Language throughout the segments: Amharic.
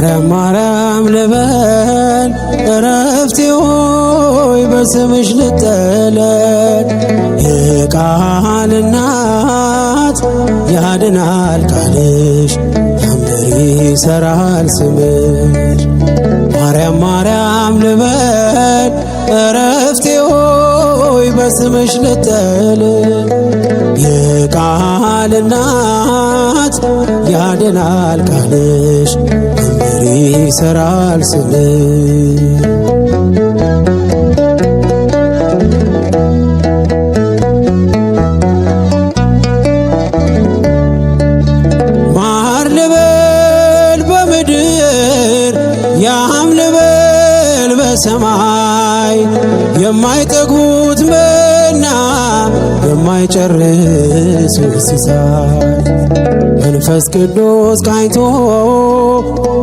ማርያም ማርያም ልበል እረፍቴ ሆይ በስምሽ ልጠለል። የቃል እናት ያድናል ቃልሽ ታምር ይሰራል ስምሽ። ማርያም ማርያም ልበል እረፍቴ ሆይ በስምሽ ልጠለል። የቃል እናት ያድናል ቃልሽ ይሰራል ስል ማር ልበል በምድር ያም ልበል በሰማይ የማይጠጉት መና የማይጨርስ ኢየሱስ መንፈስ ቅዱስ ቃኝቶ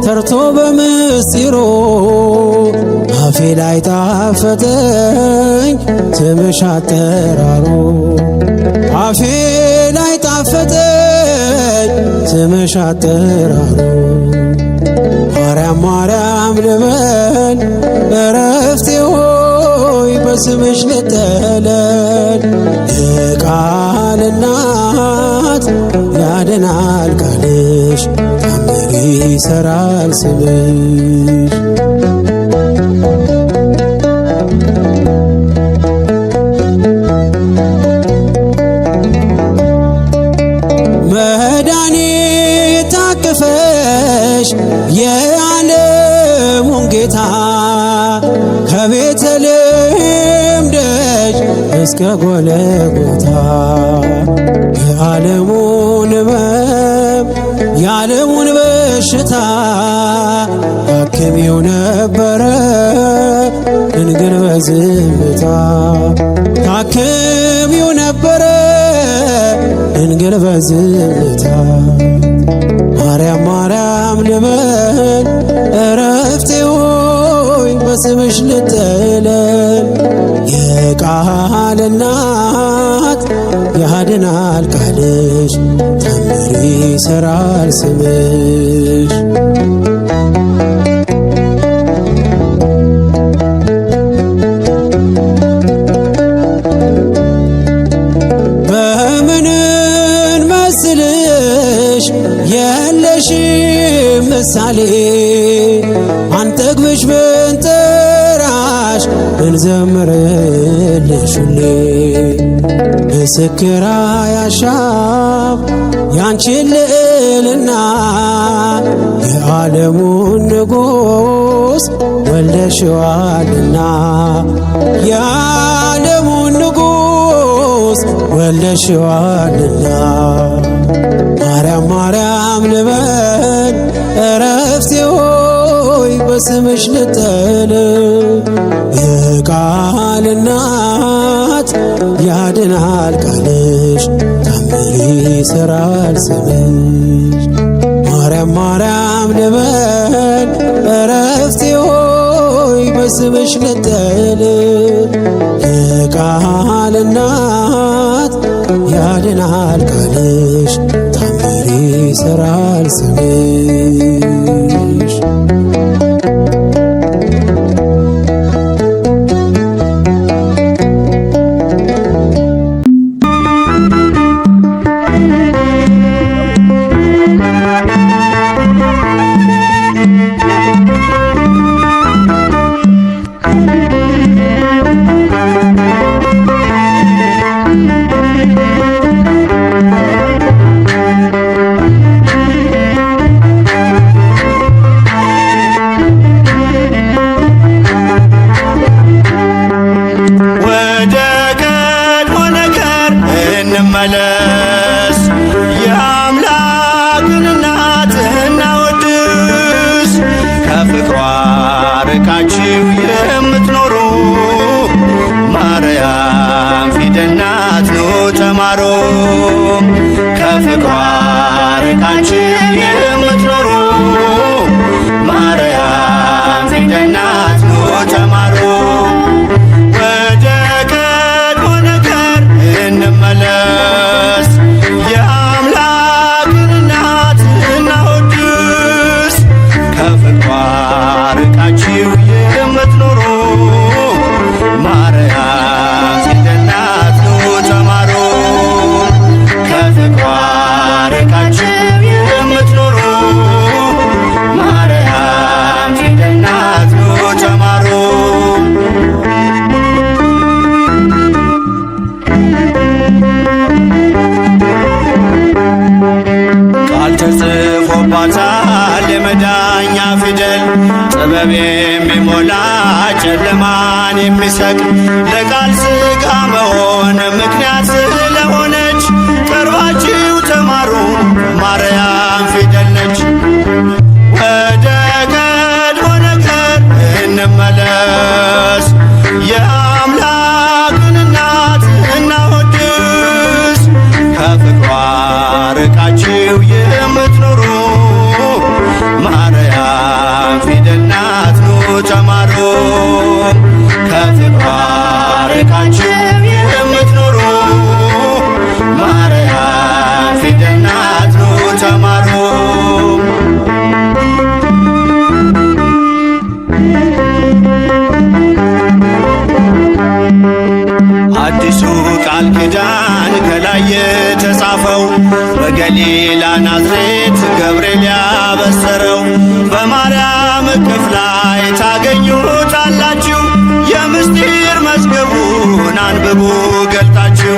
ተርቶ በምስጢሩ አፌ ላይ ጣፈጠኝ ስምሽ አጠራሩ አፌ ላይ ጣፈጠኝ ስምሽ አጠራሩ ማርያም ማርያም ልበል በስምሽ ልጠለል የቃል እናት ያድናል ቃልሽ ታምር ይሰራል ስምሽ መዳኔ የዓለሙን ጌታ ከቤተልሔም እስከ ጎለጎታ የዓለሙን ሕመም የዓለሙን በሽታ አክሜው ነበረ ድንግል በዝምታ አክሜው ነበረ ድንግል በዝምታ ማርያም ማርያም ልበል እረፍቴ ሆይ በስምሽ ልጠለል የቃል እናት ያድናል ቃልሽ ተአምር ይሠራል ስምሽ በምንን መስልሽ የለሽ ምሳሌ አንጠግብሽ እንዘምርልሽ ሁሌ ምስክራ ያሻብ ያንቺን ልዕልና የዓለሙን ንጉሥ ወልደሽዋልና የዓለሙን ንጉሥ ወልደሽዋልና ማርያም ማርያም ልበል እረፍት ስምሽ ልጠል የቃል እናት ያድናል ቃልሽ ታምር ይሰራል ስምሽ ማርያም ማርያም ልበል እረፍቴ ሆይ በስምሽ ልጠል የቃል እናት ያድናል ቃልሽ ታምር ይሰራል ስምሽ Thank you, yeah. ተጽፎባታል የመዳኛ ፊደል ጥበብ የሚሞላ ጨለማን የሚሰቅ ለቃል ሥጋ መሆን ምክንያት ቃል ኪዳን ከላይ የተጻፈው በገሊላ ናዝሬት ገብርኤል ያበሰረው በማርያም እቅፍ ላይ ታገኙታላችሁ። የምስጢር መዝገቡን አንብቡ ገልጣችሁ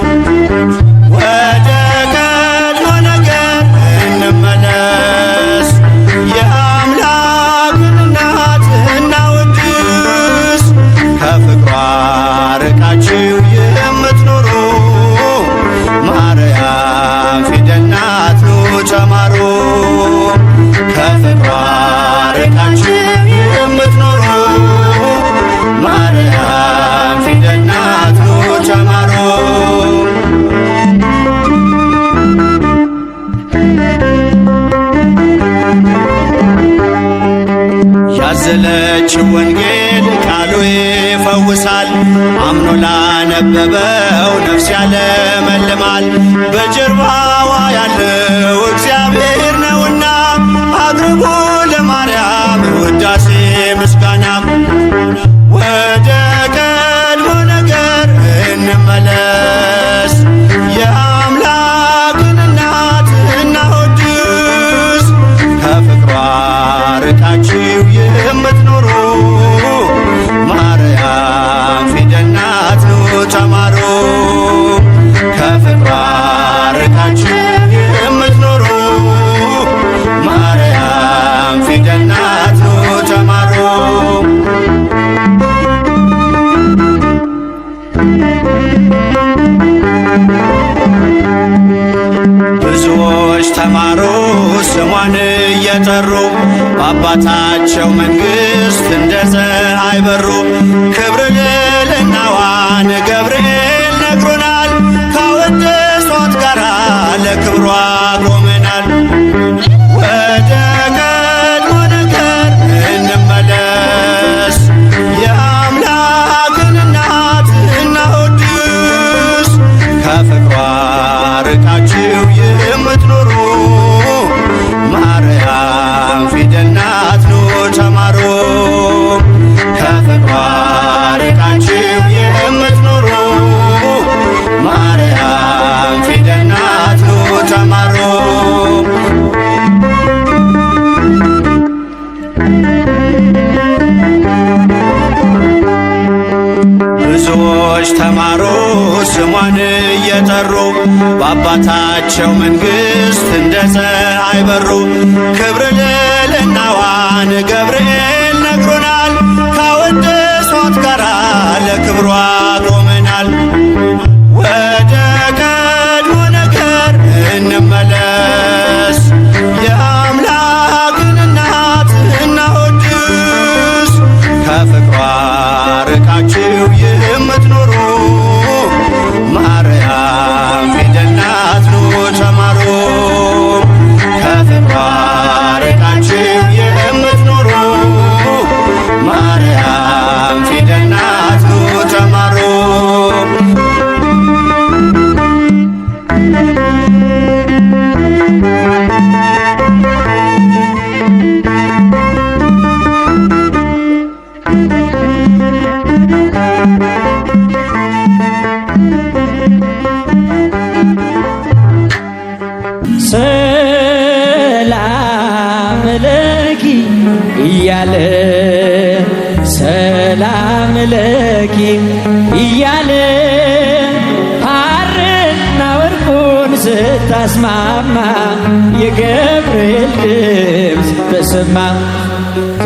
ያዘለች ወንጌል ቃሉ ይፈውሳል። አምኖ ላነበበው ነፍስ ያለመልማል። በጀርባዋ ያለው እግዚአብሔር እየተማሩ ስሟን እየጠሩ በአባታቸው መንግሥት እንደ ፀሐይ በሩ። ክብር ልዕልናዋን ገብርኤል ነግሮናል ካወደሷት ጋራ ለክብሯ ብዙዎች ተማሩ ስሟን እየጠሩ በአባታቸው መንግሥት እንደ ፀሐይ በሩ። ክብር ልዕልናዋን ገብርኤል ነግሮናል ሶት ጋራ ለክብሯ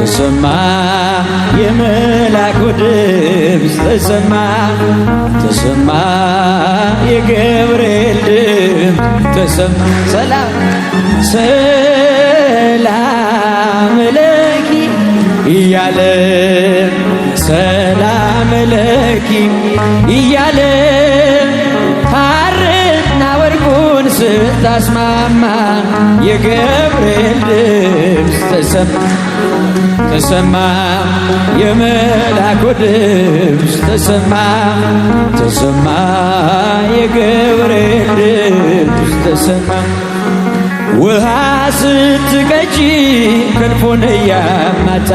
ተሰማ የመላኩ ድምፅ ተሰማ ተሰማ የገብርኤል ድምፅ ተሰማ ሰላም ሰላም ለኪ እያለ ሰላም ለኪ እያለ ሐርና ወርቁን ስታስማማ የገብርኤል ድምፅ ተሰማ ተሰማ የመላኩ ድምፅ ተሰማ ተሰማ የገብርኤል ድምፅ ተሰማ ውሃ ስትቀጂ ክንፉን እያማታ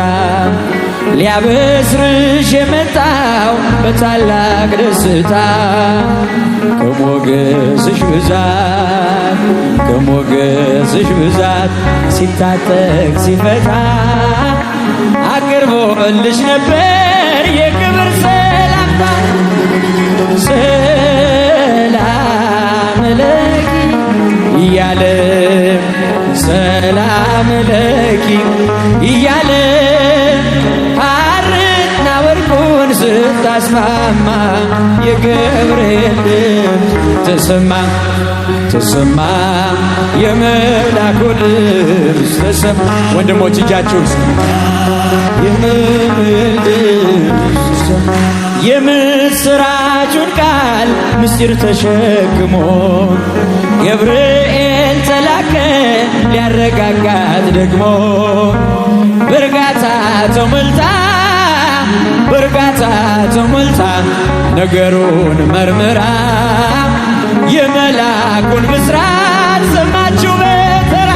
ሊያበስርሽ የመጣው በታላቅ ደስታ ከሞገስሽ ብዛት ከሞገስሽ ብዛት ሲታጠቅ ሲፈታ ቀርቦልሽ ነበር የክብር ሰላምታ ሰላም ለኪ እያለ ሰላም ለኪ እያለ ሐርና ወርቁን ስታስማማ የገብርኤል ድምፅ ተሰማ። ተሰማ የመላኩ ድምፅ ተሰማ። ወንድሞች እጃችሁ የምስራቹን ቃል ምስጢር ተሸክሞ ገብርኤል ተላከ ሊያረጋጋት ደግሞ በእርጋታ ተሞልታ በእርጋታ ተሞልታ ነገሩን መርምራ የመላኩን ምስራት ሰማችሁ በተራ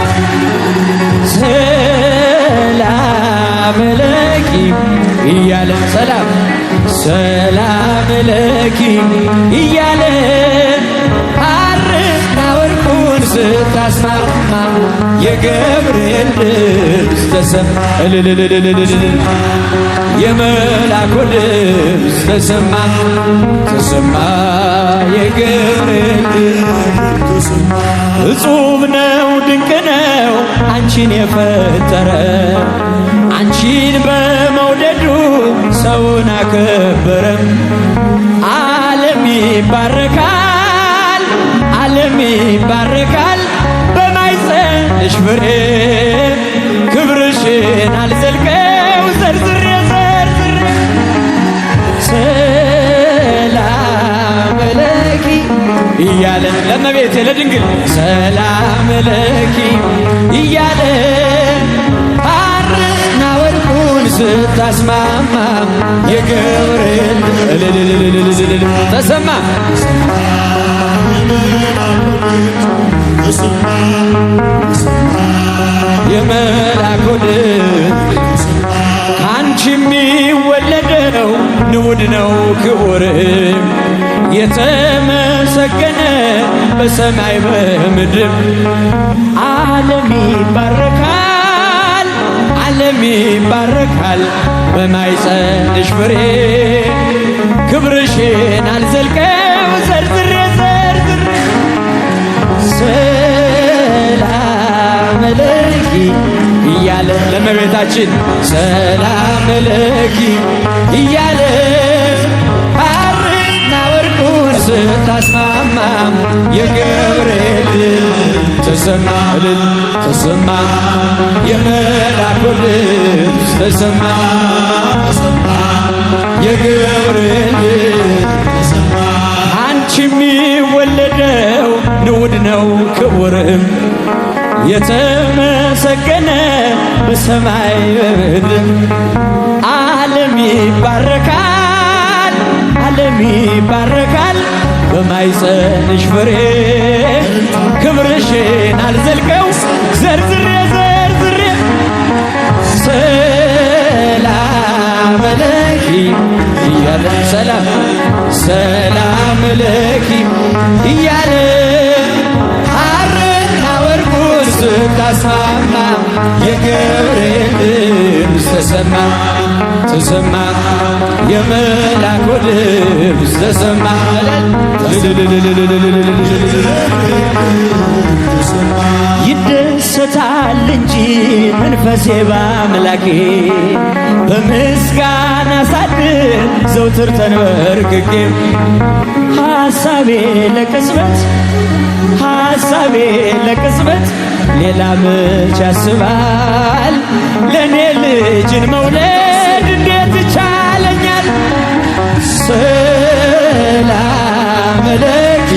ሰላም ለኪ እያለን ሰላም ሰላም ለኪ እያለን ሐርና ወርቁን ስታስማማ የገብርኤል ድምፅ ተሰማ የመላኩ ድምፅ ተሰማ ተሰማ የገብርኤል እጹብ ነው ድንቅ ነው አንቺን የፈጠረ አንቺን በመውደዱ ሰውን አከበረ። ዓለም ይባረካል ዓለም ይባረካል በማይጸንሽ ፍሬ ክብርሽን አልዘልቀ እያለ ለእመቤቴ ለድንግል ሰላም ለኪ እያለ ሐርና ወርቁን ስታስማማ የገብርኤል እልልልልልልል ተሰማ የመላኩ ድምፅ የሚወለደው ነው ክቡር የተመሰገነ በሰማይ በምድር ዓለም ይባረካል፣ ዓለም ይባረካል በማኅፀንሽ ፍሬ ክብርሽን አልዘልቀው ዘርዝሬ ዘርዝሬ ሰላም ለኪ እያለ ለመቤታችን ሰላም ለኪ እያለ ስታስማማም የገብርኤል ድምፅ ተሰማ ተሰማ የመላኩ ድምፅ ተሰማ የገብርኤል አንቺ የሚወለደው ንዑድ ነው ክቡርም የተመሰገነ በሰማይ በምድር ዓለም ይባረካል ለዓለም ይባረካል በማይጸንሽ ፍሬ ክብርሽን አልዘልቀው ዘርዝሬ ዘርዝሬ ሰላም ለኪ እያለን ሰላም ሰላም ለኪ እያለን ካሳማ የገብርኤል ድምፅ ተሰማ ተሰማ የመላኩ ድምፅ ተሰማ ይደሰታል እንጂ መንፈሴ ባምላኬ በምስጋና ሳድር ዘውትር ተንበርክኬ ሐሳቤ ለቅጽበት ሐሳቤ ለቅጽበት ሌላ መች ያስባል ለእኔ ልጅን መውለድ እንዴት ይቻለኛል? ሰላም ለኪ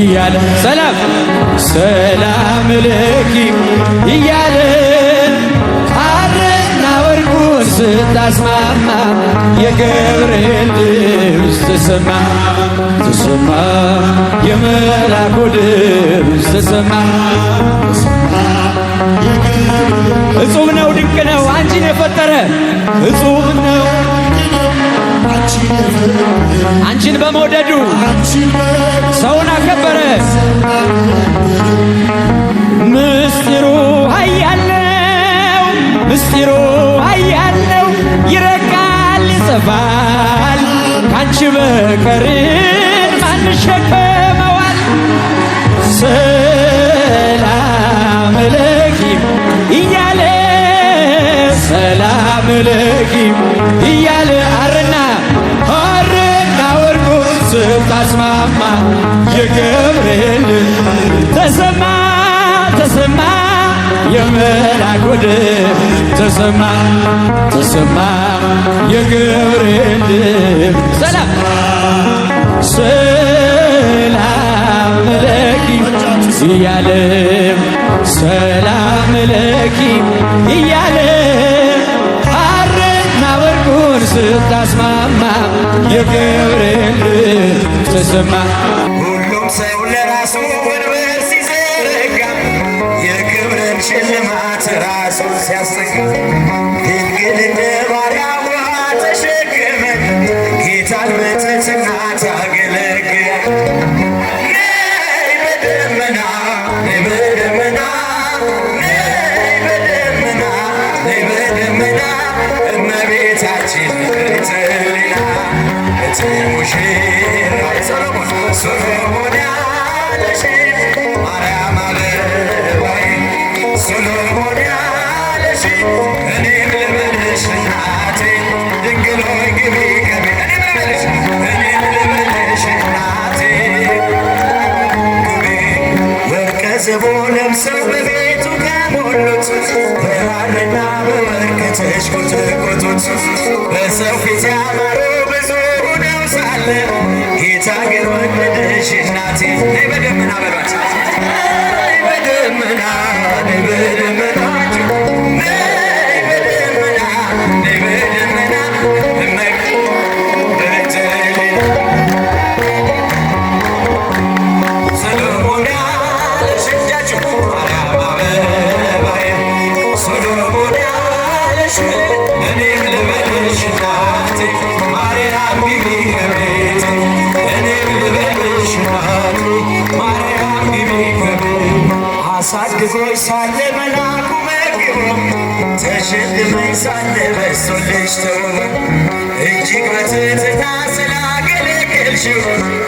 እያለ ሰላም ሰላም ለኪ እያለ ሐርና ወርቁን ስታስማማ የገብርኤል ድምፅ ተሰማ ተሰማ የመላኩ ድምፅ ተሰማ እጹብ ነው፣ ድንቅ ነው፣ አንቺን የፈጠረ እጹብ ነው። አንቺን በመውደዱ ሰውን አከበረ። ምስጢሩ ኃያለው ምስጢሩ ኃያለው ይረቃል ይጽፋል ካንቺ በቀር አልዘጊም እያለ አረና አረና ወርዶ ስታስማማ የገብርኤል ተሰማ ተሰማ የመላክ ወደ ተሰማ ተሰማ የገብርኤል ሰላም ሰላም ለኪ እያለ ሰላም ለኪ እያለ ስታስማማ የገብርኤል ተሰማ ሁሉም ሰው ሕዝቡንም ሰው በቤቱ ከሞሉት በራርና በበረከትሽ ቈጠቈጡት። በሰው ፊት ያማሩ ብዙ ሆነው ሳለ ጌታ ግን ወደደሽ እናቴ። በደመና በሏት፣ በደመና በደመና you.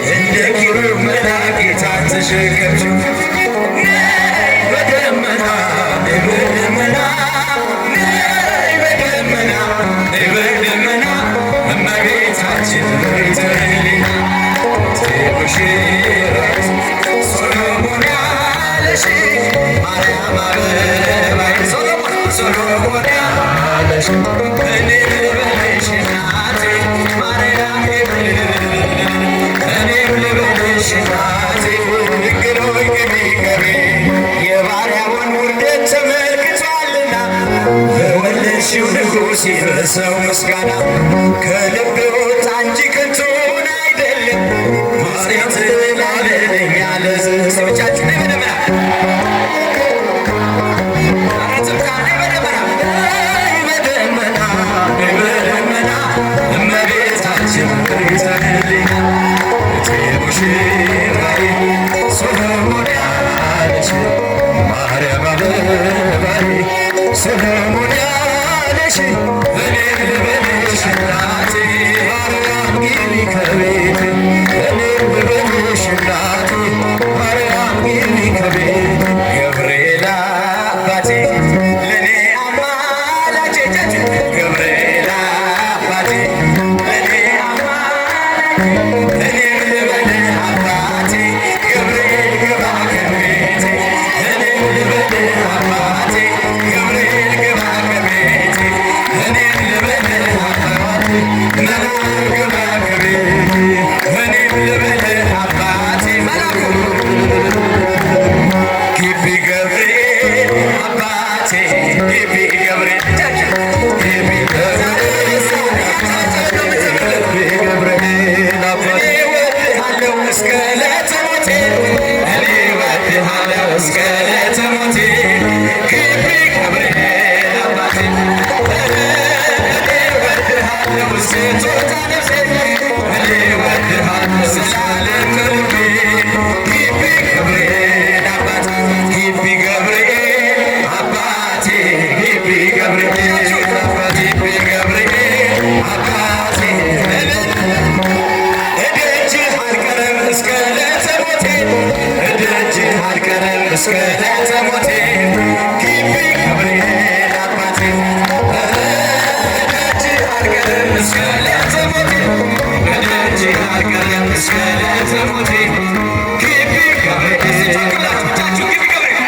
ለሰው ምስጋና ከልቤው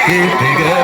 Big up.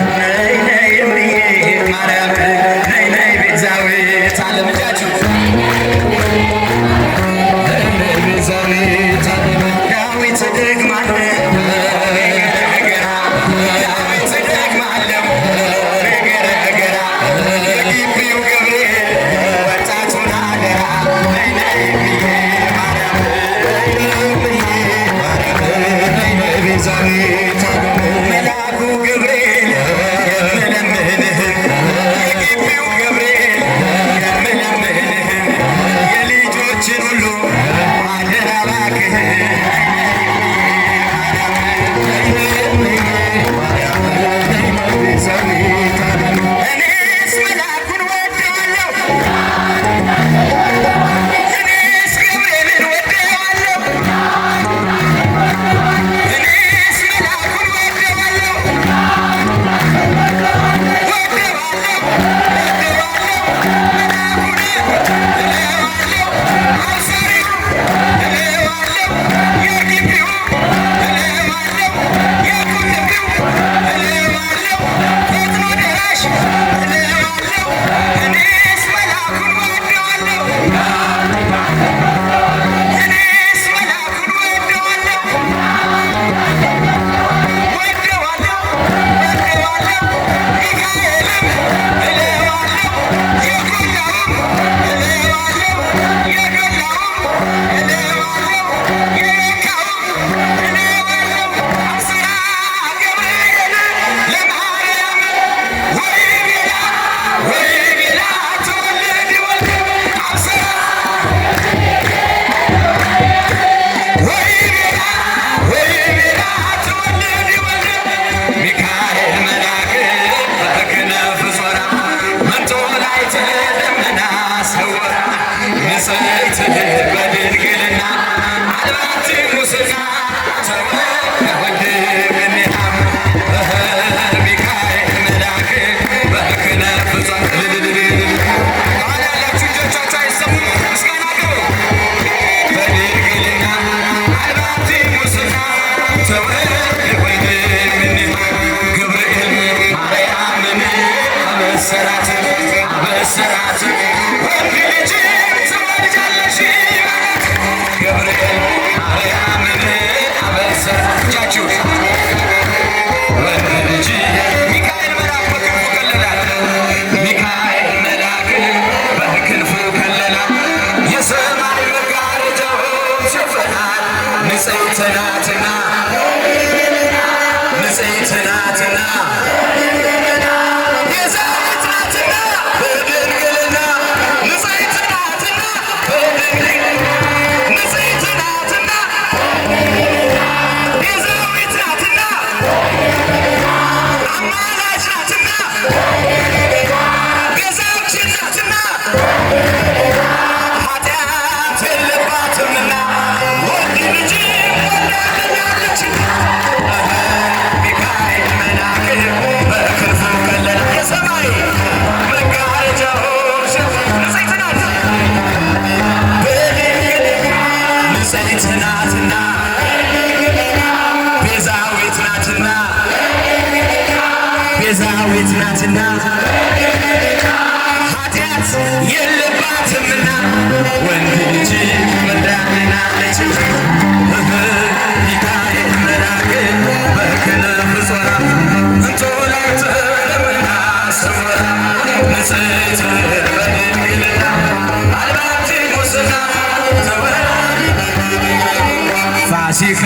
ፋሲካ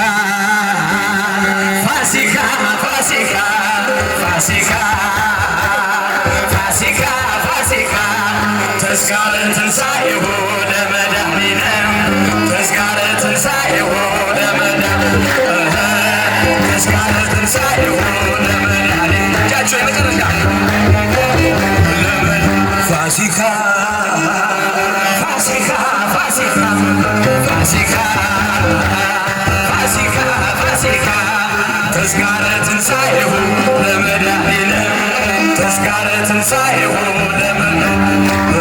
ፋሲካ ፋሲካ ፋሲካ ፋሲካ ፋሲካ ተስካረ ትንሣኤሁ ለመድኃኒነ ተስካረ ትንሣኤሁ ለመድኃኒነ ተስካረ ትንሣኤሁ ትንሣኤሁ ለመድኃኒነ ተስካረ ትንሣኤሁ ለመ